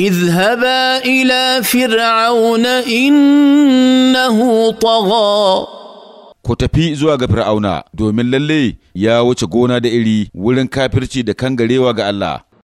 اذهبا الى فرعون انه طغى ku tafi zuwa ga fir'auna domin lalle ya wuce gona da iri wurin kafirci da kangarewa ga Allah